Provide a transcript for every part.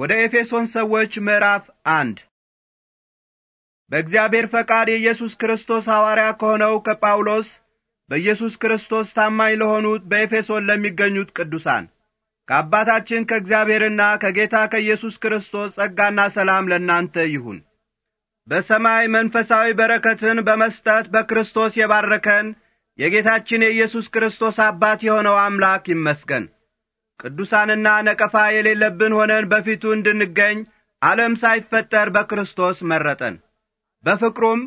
ወደ ኤፌሶን ሰዎች ምዕራፍ አንድ በእግዚአብሔር ፈቃድ የኢየሱስ ክርስቶስ ሐዋርያ ከሆነው ከጳውሎስ በኢየሱስ ክርስቶስ ታማኝ ለሆኑት በኤፌሶን ለሚገኙት ቅዱሳን ከአባታችን ከእግዚአብሔርና ከጌታ ከኢየሱስ ክርስቶስ ጸጋና ሰላም ለእናንተ ይሁን። በሰማይ መንፈሳዊ በረከትን በመስጠት በክርስቶስ የባረከን የጌታችን የኢየሱስ ክርስቶስ አባት የሆነው አምላክ ይመስገን። ቅዱሳንና ነቀፋ የሌለብን ሆነን በፊቱ እንድንገኝ ዓለም ሳይፈጠር በክርስቶስ መረጠን። በፍቅሩም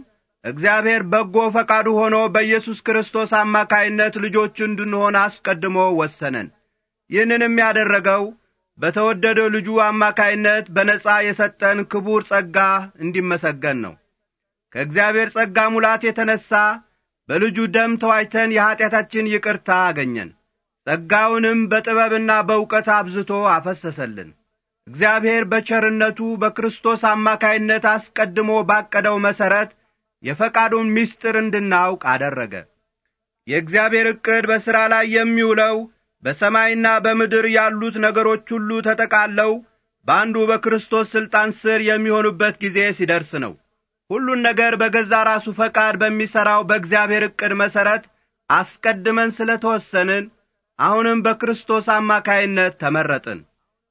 እግዚአብሔር በጎ ፈቃዱ ሆኖ በኢየሱስ ክርስቶስ አማካይነት ልጆቹ እንድንሆን አስቀድሞ ወሰነን። ይህንንም ያደረገው በተወደደው ልጁ አማካይነት በነጻ የሰጠን ክቡር ጸጋ እንዲመሰገን ነው። ከእግዚአብሔር ጸጋ ሙላት የተነሣ በልጁ ደም ተዋጅተን የኀጢአታችን ይቅርታ አገኘን። ጸጋውንም በጥበብና በእውቀት አብዝቶ አፈሰሰልን። እግዚአብሔር በቸርነቱ በክርስቶስ አማካይነት አስቀድሞ ባቀደው መሠረት የፈቃዱን ምስጢር እንድናውቅ አደረገ። የእግዚአብሔር ዕቅድ በሥራ ላይ የሚውለው በሰማይና በምድር ያሉት ነገሮች ሁሉ ተጠቃለው በአንዱ በክርስቶስ ሥልጣን ስር የሚሆኑበት ጊዜ ሲደርስ ነው። ሁሉን ነገር በገዛ ራሱ ፈቃድ በሚሠራው በእግዚአብሔር ዕቅድ መሠረት አስቀድመን ስለ ተወሰንን አሁንም በክርስቶስ አማካይነት ተመረጥን።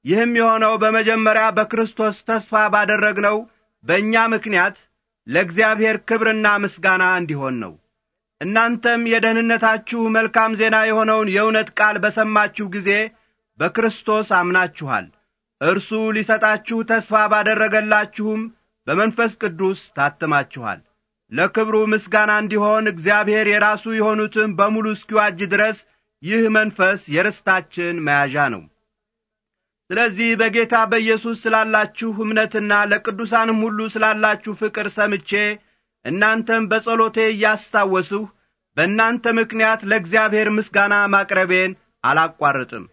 ይህም የሆነው በመጀመሪያ በክርስቶስ ተስፋ ባደረግነው በእኛ ምክንያት ለእግዚአብሔር ክብርና ምስጋና እንዲሆን ነው። እናንተም የደህንነታችሁ መልካም ዜና የሆነውን የእውነት ቃል በሰማችሁ ጊዜ በክርስቶስ አምናችኋል። እርሱ ሊሰጣችሁ ተስፋ ባደረገላችሁም በመንፈስ ቅዱስ ታትማችኋል። ለክብሩ ምስጋና እንዲሆን እግዚአብሔር የራሱ የሆኑትን በሙሉ እስኪዋጅ ድረስ ይህ መንፈስ የርስታችን መያዣ ነው ስለዚህ በጌታ በኢየሱስ ስላላችሁ እምነትና ለቅዱሳንም ሁሉ ስላላችሁ ፍቅር ሰምቼ እናንተም በጸሎቴ እያስታወስሁ በእናንተ ምክንያት ለእግዚአብሔር ምስጋና ማቅረቤን አላቋርጥም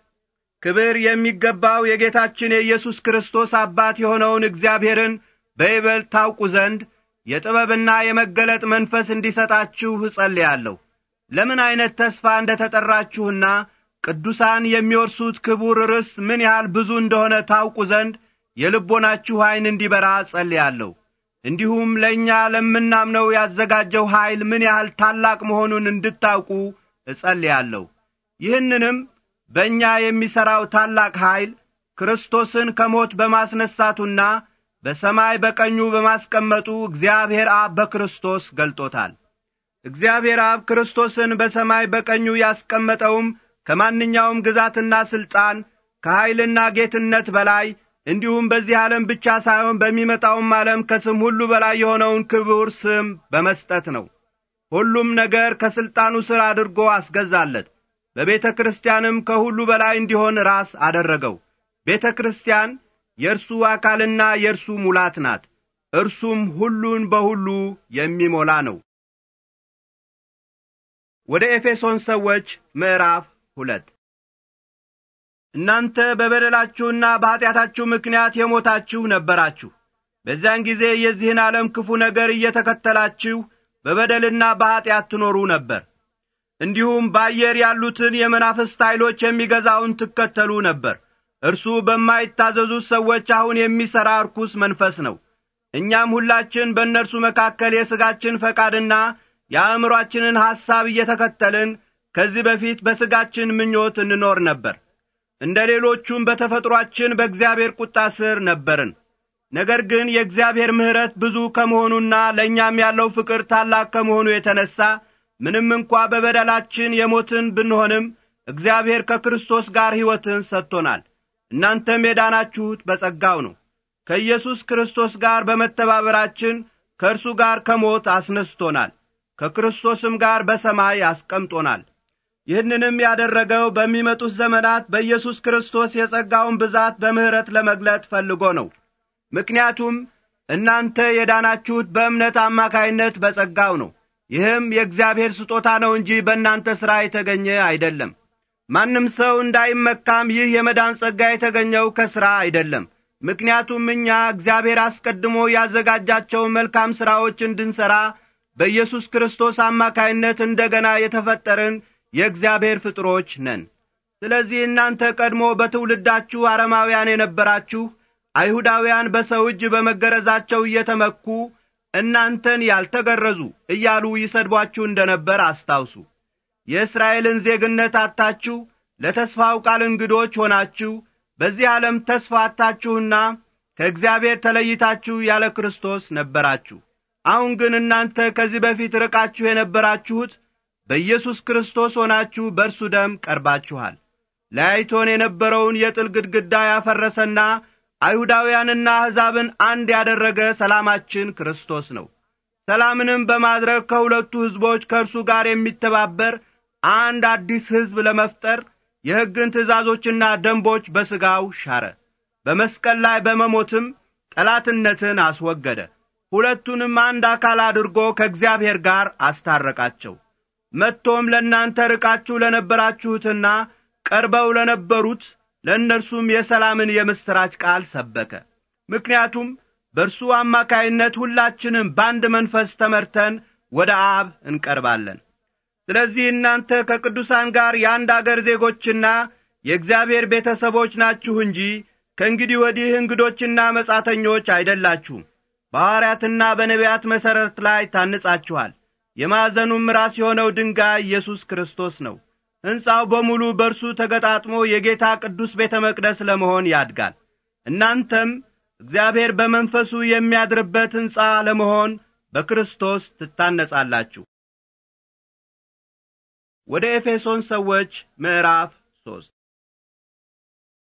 ክብር የሚገባው የጌታችን የኢየሱስ ክርስቶስ አባት የሆነውን እግዚአብሔርን በይበልጥ ታውቁ ዘንድ የጥበብና የመገለጥ መንፈስ እንዲሰጣችሁ እጸልያለሁ ለምን ዐይነት ተስፋ እንደ ተጠራችሁና ቅዱሳን የሚወርሱት ክቡር ርስት ምን ያህል ብዙ እንደሆነ ታውቁ ዘንድ የልቦናችሁ ዐይን እንዲበራ ጸልያለሁ። እንዲሁም ለእኛ ለምናምነው ያዘጋጀው ኀይል ምን ያህል ታላቅ መሆኑን እንድታውቁ እጸልያለሁ። ይህንንም በእኛ የሚሠራው ታላቅ ኀይል ክርስቶስን ከሞት በማስነሣቱና በሰማይ በቀኙ በማስቀመጡ እግዚአብሔር አብ በክርስቶስ ገልጦታል። እግዚአብሔር አብ ክርስቶስን በሰማይ በቀኙ ያስቀመጠውም ከማንኛውም ግዛትና ሥልጣን ከኀይልና ጌትነት በላይ እንዲሁም በዚህ ዓለም ብቻ ሳይሆን በሚመጣውም ዓለም ከስም ሁሉ በላይ የሆነውን ክቡር ስም በመስጠት ነው። ሁሉም ነገር ከሥልጣኑ ሥር አድርጎ አስገዛለት። በቤተ ክርስቲያንም ከሁሉ በላይ እንዲሆን ራስ አደረገው። ቤተ ክርስቲያን የእርሱ አካልና የእርሱ ሙላት ናት። እርሱም ሁሉን በሁሉ የሚሞላ ነው። ወደ ኤፌሶን ሰዎች ምዕራፍ ሁለት እናንተ በበደላችሁና በኀጢአታችሁ ምክንያት የሞታችሁ ነበራችሁ በዚያን ጊዜ የዚህን ዓለም ክፉ ነገር እየተከተላችሁ በበደልና በኀጢአት ትኖሩ ነበር እንዲሁም በአየር ያሉትን የመናፍስት ኃይሎች የሚገዛውን ትከተሉ ነበር እርሱ በማይታዘዙት ሰዎች አሁን የሚሠራ ርኩስ መንፈስ ነው እኛም ሁላችን በእነርሱ መካከል የሥጋችን ፈቃድና የአእምሮአችንን ሐሳብ እየተከተልን ከዚህ በፊት በሥጋችን ምኞት እንኖር ነበር። እንደ ሌሎቹም በተፈጥሮአችን በእግዚአብሔር ቁጣ ስር ነበርን። ነገር ግን የእግዚአብሔር ምሕረት ብዙ ከመሆኑና ለእኛም ያለው ፍቅር ታላቅ ከመሆኑ የተነሣ ምንም እንኳ በበደላችን የሞትን ብንሆንም እግዚአብሔር ከክርስቶስ ጋር ሕይወትን ሰጥቶናል። እናንተም የዳናችሁት በጸጋው ነው። ከኢየሱስ ክርስቶስ ጋር በመተባበራችን ከእርሱ ጋር ከሞት አስነስቶናል። ከክርስቶስም ጋር በሰማይ ያስቀምጦናል ይህንንም ያደረገው በሚመጡት ዘመናት በኢየሱስ ክርስቶስ የጸጋውን ብዛት በምሕረት ለመግለጥ ፈልጎ ነው ምክንያቱም እናንተ የዳናችሁት በእምነት አማካይነት በጸጋው ነው ይህም የእግዚአብሔር ስጦታ ነው እንጂ በእናንተ ሥራ የተገኘ አይደለም ማንም ሰው እንዳይመካም ይህ የመዳን ጸጋ የተገኘው ከሥራ አይደለም ምክንያቱም እኛ እግዚአብሔር አስቀድሞ ያዘጋጃቸውን መልካም ሥራዎች እንድንሠራ በኢየሱስ ክርስቶስ አማካይነት እንደ ገና የተፈጠርን የእግዚአብሔር ፍጥሮች ነን ስለዚህ እናንተ ቀድሞ በትውልዳችሁ አረማውያን የነበራችሁ አይሁዳውያን በሰው እጅ በመገረዛቸው እየተመኩ እናንተን ያልተገረዙ እያሉ ይሰድቧችሁ እንደ ነበር አስታውሱ የእስራኤልን ዜግነት አታችሁ ለተስፋው ቃል እንግዶች ሆናችሁ በዚህ ዓለም ተስፋ አታችሁና ከእግዚአብሔር ተለይታችሁ ያለ ክርስቶስ ነበራችሁ አሁን ግን እናንተ ከዚህ በፊት ርቃችሁ የነበራችሁት በኢየሱስ ክርስቶስ ሆናችሁ በእርሱ ደም ቀርባችኋል። ለያይቶን የነበረውን የጥል ግድግዳ ያፈረሰና አይሁዳውያንና አሕዛብን አንድ ያደረገ ሰላማችን ክርስቶስ ነው። ሰላምንም በማድረግ ከሁለቱ ሕዝቦች ከእርሱ ጋር የሚተባበር አንድ አዲስ ሕዝብ ለመፍጠር የሕግን ትእዛዞችና ደንቦች በሥጋው ሻረ። በመስቀል ላይ በመሞትም ጠላትነትን አስወገደ። ሁለቱንም አንድ አካል አድርጎ ከእግዚአብሔር ጋር አስታረቃቸው መጥቶም ለእናንተ ርቃችሁ ለነበራችሁትና ቀርበው ለነበሩት ለእነርሱም የሰላምን የምሥራች ቃል ሰበከ ምክንያቱም በእርሱ አማካይነት ሁላችንም በአንድ መንፈስ ተመርተን ወደ አብ እንቀርባለን ስለዚህ እናንተ ከቅዱሳን ጋር የአንድ አገር ዜጎችና የእግዚአብሔር ቤተሰቦች ናችሁ እንጂ ከእንግዲህ ወዲህ እንግዶችና መጻተኞች አይደላችሁም በሐዋርያትና በነቢያት መሠረት ላይ ታንጻችኋል። የማዕዘኑም ራስ የሆነው ድንጋይ ኢየሱስ ክርስቶስ ነው። ሕንፃው በሙሉ በእርሱ ተገጣጥሞ የጌታ ቅዱስ ቤተ መቅደስ ለመሆን ያድጋል። እናንተም እግዚአብሔር በመንፈሱ የሚያድርበት ሕንፃ ለመሆን በክርስቶስ ትታነጻላችሁ። ወደ ኤፌሶን ሰዎች ምዕራፍ ሶስት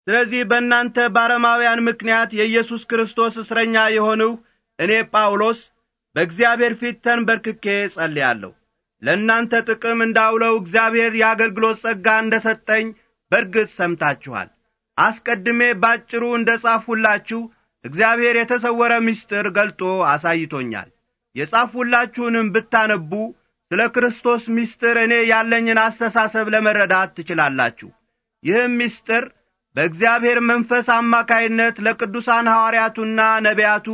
ስለዚህ በእናንተ ባረማውያን ምክንያት የኢየሱስ ክርስቶስ እስረኛ የሆንሁ እኔ ጳውሎስ በእግዚአብሔር ፊት ተንበርክኬ ጸልያለሁ። ለእናንተ ጥቅም እንዳውለው እግዚአብሔር የአገልግሎት ጸጋ እንደ ሰጠኝ በርግጥ ሰምታችኋል። አስቀድሜ ባጭሩ እንደ ጻፍሁላችሁ እግዚአብሔር የተሰወረ ምስጢር ገልጦ አሳይቶኛል። የጻፍሁላችሁንም ብታነቡ ስለ ክርስቶስ ምስጢር እኔ ያለኝን አስተሳሰብ ለመረዳት ትችላላችሁ። ይህም ምስጢር በእግዚአብሔር መንፈስ አማካይነት ለቅዱሳን ሐዋርያቱና ነቢያቱ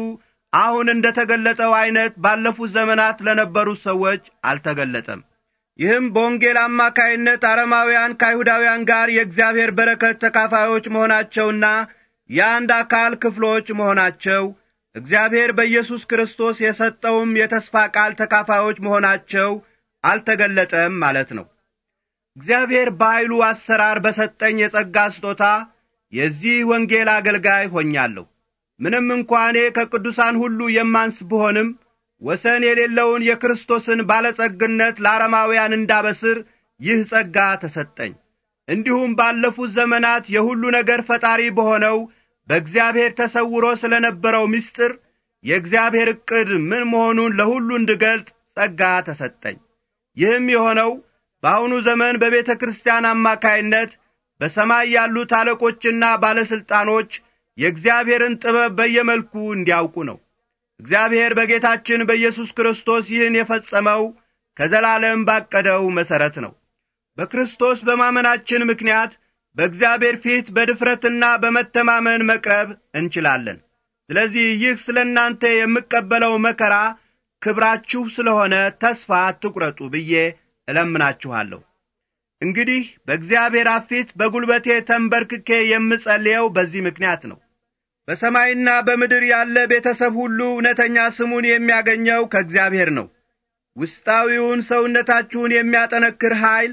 አሁን እንደ ተገለጠው ዐይነት ባለፉት ዘመናት ለነበሩት ሰዎች አልተገለጠም ይህም በወንጌል አማካይነት አረማውያን ከአይሁዳውያን ጋር የእግዚአብሔር በረከት ተካፋዮች መሆናቸውና የአንድ አካል ክፍሎች መሆናቸው እግዚአብሔር በኢየሱስ ክርስቶስ የሰጠውም የተስፋ ቃል ተካፋዮች መሆናቸው አልተገለጠም ማለት ነው። እግዚአብሔር በኃይሉ አሰራር በሰጠኝ የጸጋ ስጦታ የዚህ ወንጌል አገልጋይ ሆኛለሁ። ምንም እንኳ እኔ ከቅዱሳን ሁሉ የማንስ ብሆንም ወሰን የሌለውን የክርስቶስን ባለጸግነት ለአረማውያን እንዳበስር ይህ ጸጋ ተሰጠኝ። እንዲሁም ባለፉት ዘመናት የሁሉ ነገር ፈጣሪ በሆነው በእግዚአብሔር ተሰውሮ ስለ ነበረው ምስጢር የእግዚአብሔር ዕቅድ ምን መሆኑን ለሁሉ እንድገልጥ ጸጋ ተሰጠኝ። ይህም የሆነው በአሁኑ ዘመን በቤተ ክርስቲያን አማካይነት በሰማይ ያሉት አለቆችና ባለሥልጣኖች የእግዚአብሔርን ጥበብ በየመልኩ እንዲያውቁ ነው። እግዚአብሔር በጌታችን በኢየሱስ ክርስቶስ ይህን የፈጸመው ከዘላለም ባቀደው መሠረት ነው። በክርስቶስ በማመናችን ምክንያት በእግዚአብሔር ፊት በድፍረትና በመተማመን መቅረብ እንችላለን። ስለዚህ ይህ ስለ እናንተ የምቀበለው መከራ ክብራችሁ ስለሆነ ተስፋ አትቁረጡ ብዬ እለምናችኋለሁ። እንግዲህ በእግዚአብሔር አፊት በጒልበቴ ተንበርክኬ የምጸልየው በዚህ ምክንያት ነው። በሰማይና በምድር ያለ ቤተሰብ ሁሉ እውነተኛ ስሙን የሚያገኘው ከእግዚአብሔር ነው። ውስጣዊውን ሰውነታችሁን የሚያጠነክር ኀይል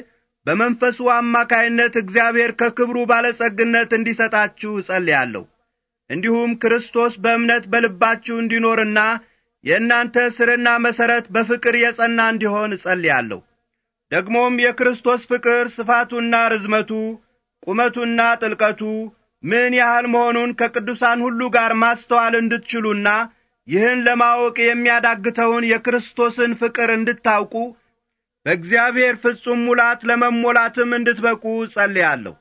በመንፈሱ አማካይነት እግዚአብሔር ከክብሩ ባለጸግነት እንዲሰጣችሁ እጸልያለሁ። እንዲሁም ክርስቶስ በእምነት በልባችሁ እንዲኖርና የእናንተ ሥርና መሠረት በፍቅር የጸና እንዲሆን እጸልያለሁ። ደግሞም የክርስቶስ ፍቅር ስፋቱና ርዝመቱ፣ ቁመቱና ጥልቀቱ ምን ያህል መሆኑን ከቅዱሳን ሁሉ ጋር ማስተዋል እንድትችሉና ይህን ለማወቅ የሚያዳግተውን የክርስቶስን ፍቅር እንድታውቁ በእግዚአብሔር ፍጹም ሙላት ለመሞላትም እንድትበቁ ጸልያለሁ።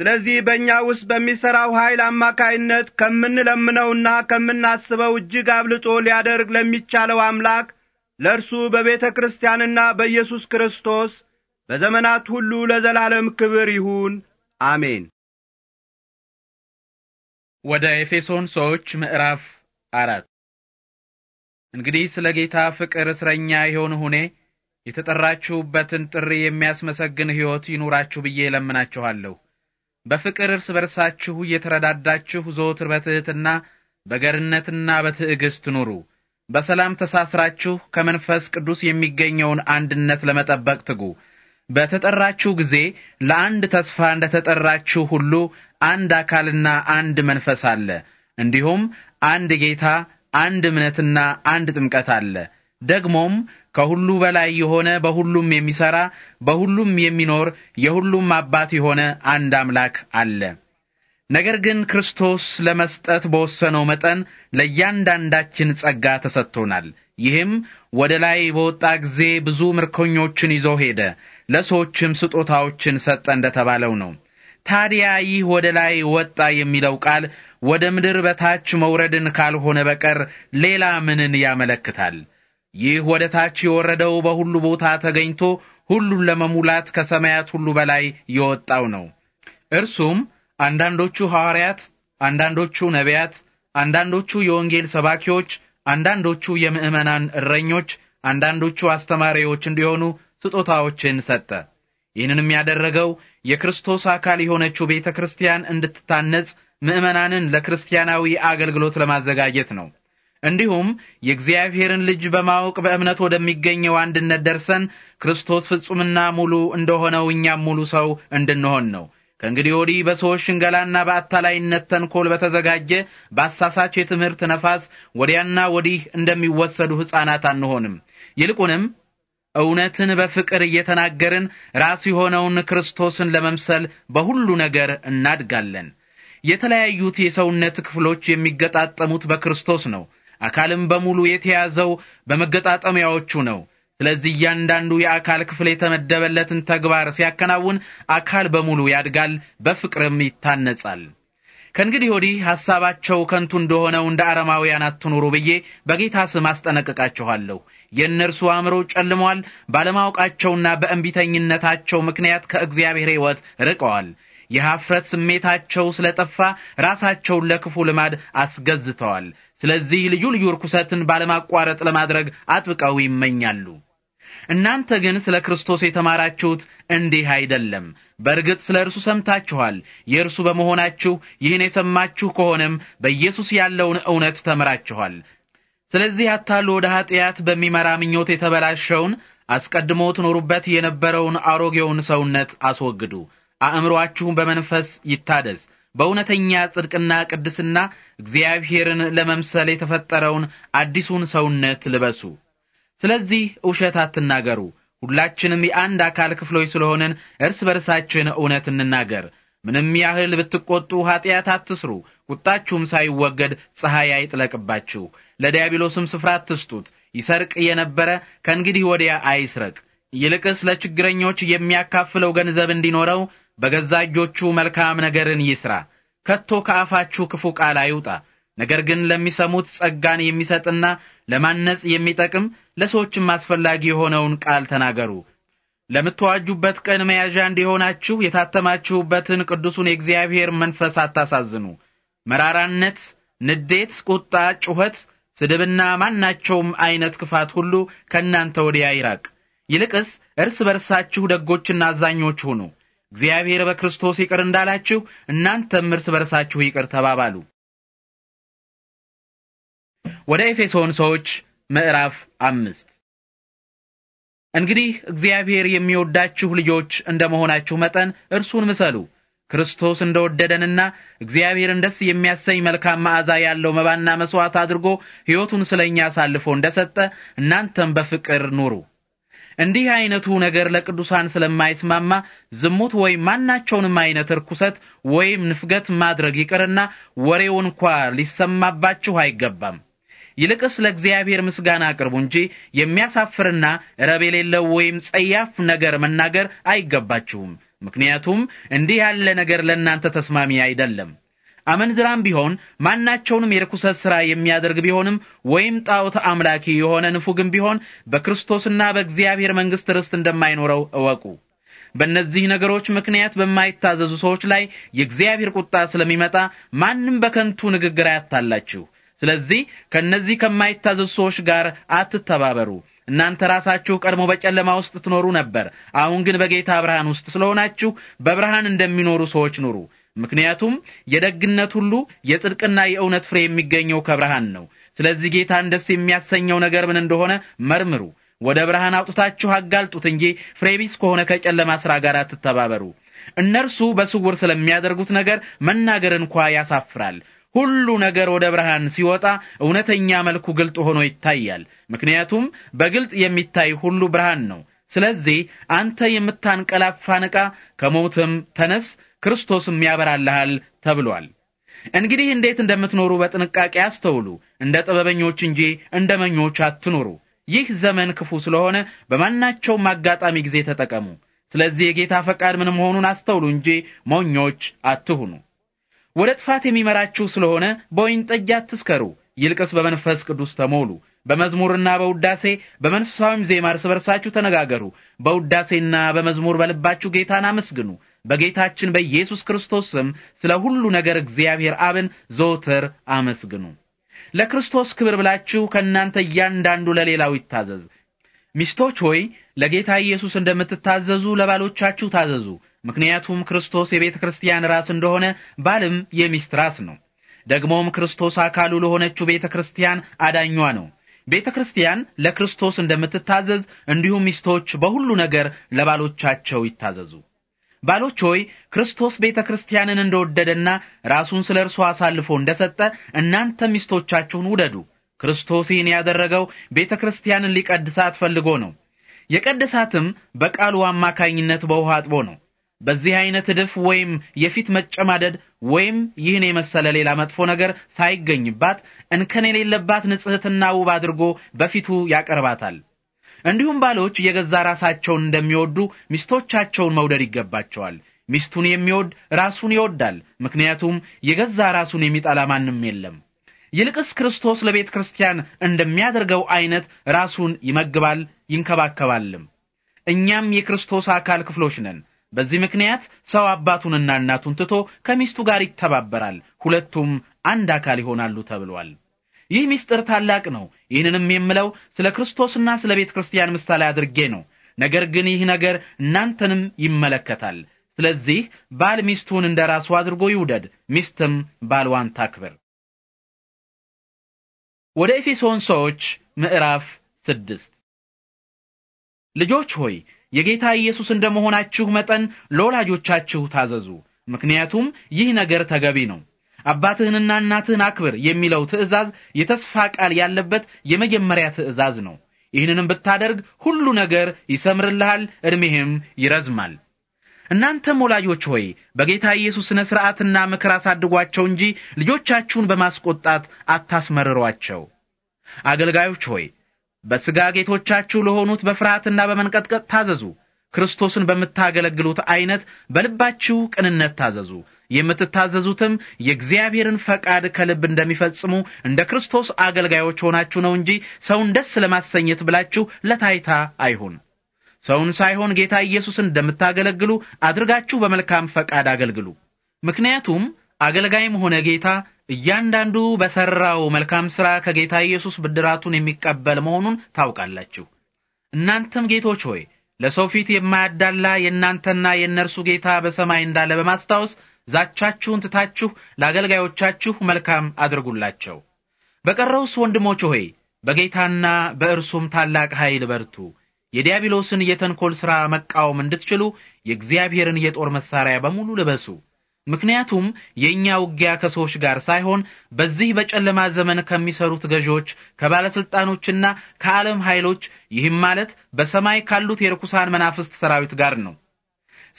ስለዚህ በእኛ ውስጥ በሚሠራው ኀይል አማካይነት ከምንለምነውና ከምናስበው እጅግ አብልጦ ሊያደርግ ለሚቻለው አምላክ ለእርሱ በቤተ ክርስቲያንና በኢየሱስ ክርስቶስ በዘመናት ሁሉ ለዘላለም ክብር ይሁን፣ አሜን። ወደ ኤፌሶን ሰዎች ምዕራፍ አራት እንግዲህ ስለ ጌታ ፍቅር እስረኛ የሆንሁ ሁኔ የተጠራችሁበትን ጥሪ የሚያስመሰግን ሕይወት ይኑራችሁ ብዬ እለምናችኋለሁ። በፍቅር እርስ በርሳችሁ እየተረዳዳችሁ ዘወትር በትሕትና በገርነትና በትዕግሥት ኑሩ። በሰላም ተሳስራችሁ ከመንፈስ ቅዱስ የሚገኘውን አንድነት ለመጠበቅ ትጉ። በተጠራችሁ ጊዜ ለአንድ ተስፋ እንደ ተጠራችሁ ሁሉ አንድ አካልና አንድ መንፈስ አለ። እንዲሁም አንድ ጌታ፣ አንድ እምነትና አንድ ጥምቀት አለ። ደግሞም ከሁሉ በላይ የሆነ በሁሉም የሚሰራ በሁሉም የሚኖር የሁሉም አባት የሆነ አንድ አምላክ አለ። ነገር ግን ክርስቶስ ለመስጠት በወሰነው መጠን ለእያንዳንዳችን ጸጋ ተሰጥቶናል። ይህም ወደ ላይ በወጣ ጊዜ ብዙ ምርኮኞችን ይዞ ሄደ፣ ለሰዎችም ስጦታዎችን ሰጠ እንደተባለው ነው። ታዲያ ይህ ወደ ላይ ወጣ የሚለው ቃል ወደ ምድር በታች መውረድን ካልሆነ በቀር ሌላ ምንን ያመለክታል? ይህ ወደ ታች የወረደው በሁሉ ቦታ ተገኝቶ ሁሉን ለመሙላት ከሰማያት ሁሉ በላይ የወጣው ነው። እርሱም አንዳንዶቹ ሐዋርያት፣ አንዳንዶቹ ነቢያት፣ አንዳንዶቹ የወንጌል ሰባኪዎች፣ አንዳንዶቹ የምእመናን እረኞች፣ አንዳንዶቹ አስተማሪዎች እንዲሆኑ ስጦታዎችን ሰጠ። ይህንንም ያደረገው የክርስቶስ አካል የሆነችው ቤተ ክርስቲያን እንድትታነጽ ምእመናንን ለክርስቲያናዊ አገልግሎት ለማዘጋጀት ነው። እንዲሁም የእግዚአብሔርን ልጅ በማወቅ በእምነት ወደሚገኘው አንድነት ደርሰን ክርስቶስ ፍጹምና ሙሉ እንደሆነው እኛም ሙሉ ሰው እንድንሆን ነው። ከእንግዲህ ወዲህ በሰዎች ሽንገላና በአታላይነት ተንኮል በተዘጋጀ በአሳሳች የትምህርት ነፋስ ወዲያና ወዲህ እንደሚወሰዱ ሕፃናት አንሆንም። ይልቁንም እውነትን በፍቅር እየተናገርን ራስ የሆነውን ክርስቶስን ለመምሰል በሁሉ ነገር እናድጋለን። የተለያዩት የሰውነት ክፍሎች የሚገጣጠሙት በክርስቶስ ነው። አካልም በሙሉ የተያዘው በመገጣጠሚያዎቹ ነው። ስለዚህ እያንዳንዱ የአካል ክፍል የተመደበለትን ተግባር ሲያከናውን አካል በሙሉ ያድጋል፣ በፍቅርም ይታነጻል። ከእንግዲህ ወዲህ ሐሳባቸው ከንቱ እንደሆነው እንደ አረማውያን አትኑሩ ብዬ በጌታ ስም አስጠነቅቃችኋለሁ። የእነርሱ አእምሮ ጨልሟል፣ ባለማወቃቸውና በእንቢተኝነታቸው ምክንያት ከእግዚአብሔር ሕይወት ርቀዋል። የሐፍረት ስሜታቸው ስለጠፋ ራሳቸውን ለክፉ ልማድ አስገዝተዋል። ስለዚህ ልዩ ልዩ ርኩሰትን ባለማቋረጥ ለማድረግ አጥብቀው ይመኛሉ። እናንተ ግን ስለ ክርስቶስ የተማራችሁት እንዲህ አይደለም። በእርግጥ ስለ እርሱ ሰምታችኋል፣ የእርሱ በመሆናችሁ ይህን የሰማችሁ ከሆነም በኢየሱስ ያለውን እውነት ተምራችኋል። ስለዚህ አታሉ ወደ ኀጢአት በሚመራ ምኞት የተበላሸውን አስቀድሞ ትኖሩበት የነበረውን አሮጌውን ሰውነት አስወግዱ። አእምሮአችሁን በመንፈስ ይታደስ። በእውነተኛ ጽድቅና ቅድስና እግዚአብሔርን ለመምሰል የተፈጠረውን አዲሱን ሰውነት ልበሱ። ስለዚህ ውሸት አትናገሩ። ሁላችንም የአንድ አካል ክፍሎች ስለሆንን እርስ በርሳችን እውነት እንናገር። ምንም ያህል ብትቈጡ ኀጢአት አትስሩ፣ ቁጣችሁም ሳይወገድ ፀሐይ አይጥለቅባችሁ። ለዲያብሎስም ስፍራ አትስጡት። ይሰርቅ የነበረ ከእንግዲህ ወዲያ አይስረቅ። ይልቅስ ለችግረኞች የሚያካፍለው ገንዘብ እንዲኖረው በገዛ እጆቹ መልካም ነገርን ይስራ። ከቶ ከአፋችሁ ክፉ ቃል አይውጣ። ነገር ግን ለሚሰሙት ጸጋን የሚሰጥና ለማነጽ የሚጠቅም ለሰዎችም አስፈላጊ የሆነውን ቃል ተናገሩ። ለምትዋጁበት ቀን መያዣ እንዲሆናችሁ የታተማችሁበትን ቅዱሱን የእግዚአብሔር መንፈስ አታሳዝኑ። መራራነት፣ ንዴት፣ ቁጣ፣ ጩኸት ስድብና ማናቸውም አይነት ክፋት ሁሉ ከእናንተ ወዲያ ይራቅ። ይልቅስ እርስ በርሳችሁ ደጎችና አዛኞች ሁኑ። እግዚአብሔር በክርስቶስ ይቅር እንዳላችሁ እናንተም እርስ በርሳችሁ ይቅር ተባባሉ። ወደ ኤፌሶን ሰዎች ምዕራፍ አምስት እንግዲህ እግዚአብሔር የሚወዳችሁ ልጆች መሆናችሁ መጠን እርሱን ምሰሉ። ክርስቶስ ወደደንና እግዚአብሔርን ደስ የሚያሰኝ መልካም መዓዛ ያለው መባና መስዋዕት አድርጎ ሕይወቱን ስለ እኛ አሳልፎ እንደሰጠ እናንተም በፍቅር ኑሩ። እንዲህ አይነቱ ነገር ለቅዱሳን ስለማይስማማ ዝሙት ወይም ማናቸውንም አይነት ርኩሰት ወይም ንፍገት ማድረግ ይቅርና ወሬው እንኳ ሊሰማባችሁ አይገባም። ይልቅስ ለእግዚአብሔር ምስጋና አቅርቡ እንጂ የሚያሳፍርና ረብ የሌለው ወይም ጸያፍ ነገር መናገር አይገባችሁም። ምክንያቱም እንዲህ ያለ ነገር ለእናንተ ተስማሚ አይደለም። አመንዝራም ቢሆን ማናቸውንም የርኩሰት ሥራ የሚያደርግ ቢሆንም ወይም ጣዖት አምላኪ የሆነ ንፉግም ቢሆን በክርስቶስና በእግዚአብሔር መንግሥት ርስት እንደማይኖረው እወቁ። በእነዚህ ነገሮች ምክንያት በማይታዘዙ ሰዎች ላይ የእግዚአብሔር ቁጣ ስለሚመጣ ማንም በከንቱ ንግግር አያታላችሁ። ስለዚህ ከእነዚህ ከማይታዘዙ ሰዎች ጋር አትተባበሩ። እናንተ ራሳችሁ ቀድሞ በጨለማ ውስጥ ትኖሩ ነበር፣ አሁን ግን በጌታ ብርሃን ውስጥ ስለሆናችሁ በብርሃን እንደሚኖሩ ሰዎች ኑሩ። ምክንያቱም የደግነት ሁሉ የጽድቅና የእውነት ፍሬ የሚገኘው ከብርሃን ነው። ስለዚህ ጌታን ደስ የሚያሰኘው ነገር ምን እንደሆነ መርምሩ። ወደ ብርሃን አውጥታችሁ አጋልጡት እንጂ ፍሬቢስ ከሆነ ከጨለማ ሥራ ጋር አትተባበሩ። እነርሱ በስውር ስለሚያደርጉት ነገር መናገር እንኳ ያሳፍራል። ሁሉ ነገር ወደ ብርሃን ሲወጣ እውነተኛ መልኩ ግልጥ ሆኖ ይታያል። ምክንያቱም በግልጥ የሚታይ ሁሉ ብርሃን ነው። ስለዚህ አንተ የምታንቀላፋ ንቃ፣ ከሞትም ተነስ፣ ክርስቶስም ያበራልሃል ተብሏል። እንግዲህ እንዴት እንደምትኖሩ በጥንቃቄ አስተውሉ። እንደ ጥበበኞች እንጂ እንደ መኞች አትኑሩ። ይህ ዘመን ክፉ ስለሆነ በማናቸውም አጋጣሚ ጊዜ ተጠቀሙ። ስለዚህ የጌታ ፈቃድ ምን መሆኑን አስተውሉ እንጂ ሞኞች አትሁኑ። ወደ ጥፋት የሚመራችሁ ስለሆነ በወይን ጠጅ አትስከሩ፣ ይልቅስ በመንፈስ ቅዱስ ተሞሉ። በመዝሙርና በውዳሴ በመንፈሳዊም ዜማ እርስ በርሳችሁ ተነጋገሩ። በውዳሴና በመዝሙር በልባችሁ ጌታን አመስግኑ። በጌታችን በኢየሱስ ክርስቶስ ስም ስለ ሁሉ ነገር እግዚአብሔር አብን ዘወትር አመስግኑ። ለክርስቶስ ክብር ብላችሁ ከእናንተ እያንዳንዱ ለሌላው ይታዘዝ። ሚስቶች ሆይ ለጌታ ኢየሱስ እንደምትታዘዙ ለባሎቻችሁ ታዘዙ። ምክንያቱም ክርስቶስ የቤተ ክርስቲያን ራስ እንደሆነ ባልም የሚስት ራስ ነው። ደግሞም ክርስቶስ አካሉ ለሆነችው ቤተ ክርስቲያን አዳኟ ነው። ቤተ ክርስቲያን ለክርስቶስ እንደምትታዘዝ እንዲሁም ሚስቶች በሁሉ ነገር ለባሎቻቸው ይታዘዙ። ባሎች ሆይ ክርስቶስ ቤተ ክርስቲያንን እንደወደደና ራሱን ስለ እርሷ አሳልፎ እንደሰጠ እናንተ ሚስቶቻችሁን ውደዱ። ክርስቶስ ይህን ያደረገው ቤተ ክርስቲያንን ሊቀድሳት ፈልጎ ነው። የቀደሳትም በቃሉ አማካኝነት በውሃ አጥቦ ነው። በዚህ አይነት እድፍ ወይም የፊት መጨማደድ ወይም ይህን የመሰለ ሌላ መጥፎ ነገር ሳይገኝባት እንከን የሌለባት ንጽሕትና ውብ አድርጎ በፊቱ ያቀርባታል። እንዲሁም ባሎች የገዛ ራሳቸውን እንደሚወዱ ሚስቶቻቸውን መውደድ ይገባቸዋል። ሚስቱን የሚወድ ራሱን ይወዳል፣ ምክንያቱም የገዛ ራሱን የሚጠላ ማንም የለም። ይልቅስ ክርስቶስ ለቤተ ክርስቲያን እንደሚያደርገው አይነት ራሱን ይመግባል ይንከባከባልም። እኛም የክርስቶስ አካል ክፍሎች ነን። በዚህ ምክንያት ሰው አባቱንና እናቱን ትቶ ከሚስቱ ጋር ይተባበራል፣ ሁለቱም አንድ አካል ይሆናሉ ተብሏል። ይህ ምስጢር ታላቅ ነው። ይህንንም የምለው ስለ ክርስቶስና ስለ ቤተ ክርስቲያን ምሳሌ አድርጌ ነው። ነገር ግን ይህ ነገር እናንተንም ይመለከታል። ስለዚህ ባል ሚስቱን እንደ ራሱ አድርጎ ይውደድ፣ ሚስትም ባልዋን ታክብር። ወደ ኤፌሶን ሰዎች ምዕራፍ ስድስት ልጆች ሆይ የጌታ ኢየሱስ እንደመሆናችሁ መጠን ለወላጆቻችሁ ታዘዙ፣ ምክንያቱም ይህ ነገር ተገቢ ነው። አባትህንና እናትህን አክብር የሚለው ትእዛዝ የተስፋ ቃል ያለበት የመጀመሪያ ትእዛዝ ነው። ይህንንም ብታደርግ ሁሉ ነገር ይሰምርልሃል፣ ዕድሜህም ይረዝማል። እናንተም ወላጆች ሆይ በጌታ ኢየሱስ ስነ ሥርዓትና ምክር አሳድጓቸው እንጂ ልጆቻችሁን በማስቆጣት አታስመርሯቸው። አገልጋዮች ሆይ በሥጋ ጌቶቻችሁ ለሆኑት በፍርሃትና በመንቀጥቀጥ ታዘዙ። ክርስቶስን በምታገለግሉት ዐይነት በልባችሁ ቅንነት ታዘዙ። የምትታዘዙትም የእግዚአብሔርን ፈቃድ ከልብ እንደሚፈጽሙ እንደ ክርስቶስ አገልጋዮች ሆናችሁ ነው እንጂ ሰውን ደስ ለማሰኘት ብላችሁ ለታይታ አይሁን። ሰውን ሳይሆን ጌታ ኢየሱስን እንደምታገለግሉ አድርጋችሁ በመልካም ፈቃድ አገልግሉ። ምክንያቱም አገልጋይም ሆነ ጌታ እያንዳንዱ በሰራው መልካም ሥራ ከጌታ ኢየሱስ ብድራቱን የሚቀበል መሆኑን ታውቃላችሁ። እናንተም ጌቶች ሆይ ለሰው ፊት የማያዳላ የእናንተና የእነርሱ ጌታ በሰማይ እንዳለ በማስታወስ ዛቻችሁን ትታችሁ ለአገልጋዮቻችሁ መልካም አድርጉላቸው። በቀረውስ ወንድሞች ሆይ በጌታና በእርሱም ታላቅ ኃይል በርቱ። የዲያብሎስን የተንኰል ሥራ መቃወም እንድትችሉ የእግዚአብሔርን የጦር መሣሪያ በሙሉ ልበሱ። ምክንያቱም የእኛ ውጊያ ከሰዎች ጋር ሳይሆን በዚህ በጨለማ ዘመን ከሚሰሩት ገዢዎች፣ ከባለሥልጣኖችና ከዓለም ኃይሎች ይህም ማለት በሰማይ ካሉት የርኩሳን መናፍስት ሰራዊት ጋር ነው።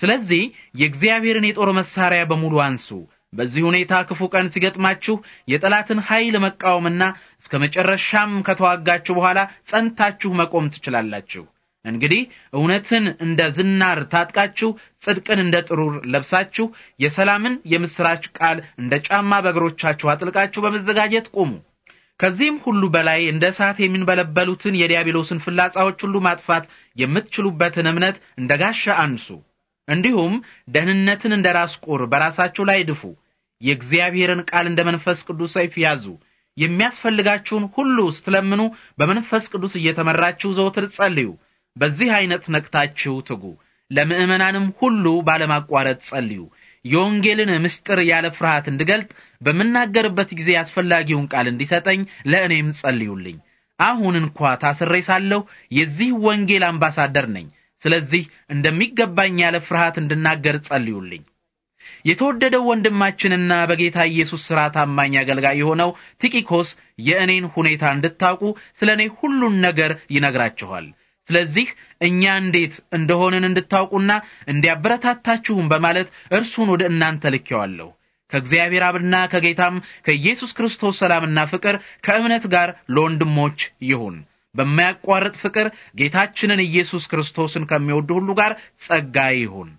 ስለዚህ የእግዚአብሔርን የጦር መሳሪያ በሙሉ አንሱ። በዚህ ሁኔታ ክፉ ቀን ሲገጥማችሁ የጠላትን ኃይል መቃወምና እስከ መጨረሻም ከተዋጋችሁ በኋላ ጸንታችሁ መቆም ትችላላችሁ። እንግዲህ እውነትን እንደ ዝናር ታጥቃችሁ ጽድቅን እንደ ጥሩር ለብሳችሁ የሰላምን የምሥራች ቃል እንደ ጫማ በእግሮቻችሁ አጥልቃችሁ በመዘጋጀት ቁሙ። ከዚህም ሁሉ በላይ እንደ እሳት የሚንበለበሉትን የዲያብሎስን ፍላጻዎች ሁሉ ማጥፋት የምትችሉበትን እምነት እንደ ጋሻ አንሱ። እንዲሁም ደህንነትን እንደ ራስ ቁር በራሳችሁ ላይ ድፉ። የእግዚአብሔርን ቃል እንደ መንፈስ ቅዱስ ሰይፍ ያዙ። የሚያስፈልጋችሁን ሁሉ ስትለምኑ በመንፈስ ቅዱስ እየተመራችሁ ዘወትር ጸልዩ። በዚህ ዐይነት ነቅታችሁ ትጉ። ለምእመናንም ሁሉ ባለማቋረጥ ጸልዩ። የወንጌልን ምስጢር ያለ ፍርሃት እንድገልጥ በምናገርበት ጊዜ አስፈላጊውን ቃል እንዲሰጠኝ ለእኔም ጸልዩልኝ። አሁን እንኳ ታስሬ ሳለሁ የዚህ ወንጌል አምባሳደር ነኝ። ስለዚህ እንደሚገባኝ ያለ ፍርሃት እንድናገር ጸልዩልኝ። የተወደደው ወንድማችንና በጌታ ኢየሱስ ሥራ ታማኝ አገልጋይ የሆነው ቲኪኮስ የእኔን ሁኔታ እንድታውቁ ስለ እኔ ሁሉን ነገር ይነግራችኋል። ስለዚህ እኛ እንዴት እንደሆንን እንድታውቁና እንዲያበረታታችሁም በማለት እርሱን ወደ እናንተ ልኬዋለሁ። ከእግዚአብሔር አብና ከጌታም ከኢየሱስ ክርስቶስ ሰላምና ፍቅር ከእምነት ጋር ለወንድሞች ይሁን። በማያቋርጥ ፍቅር ጌታችንን ኢየሱስ ክርስቶስን ከሚወዱ ሁሉ ጋር ጸጋ ይሁን።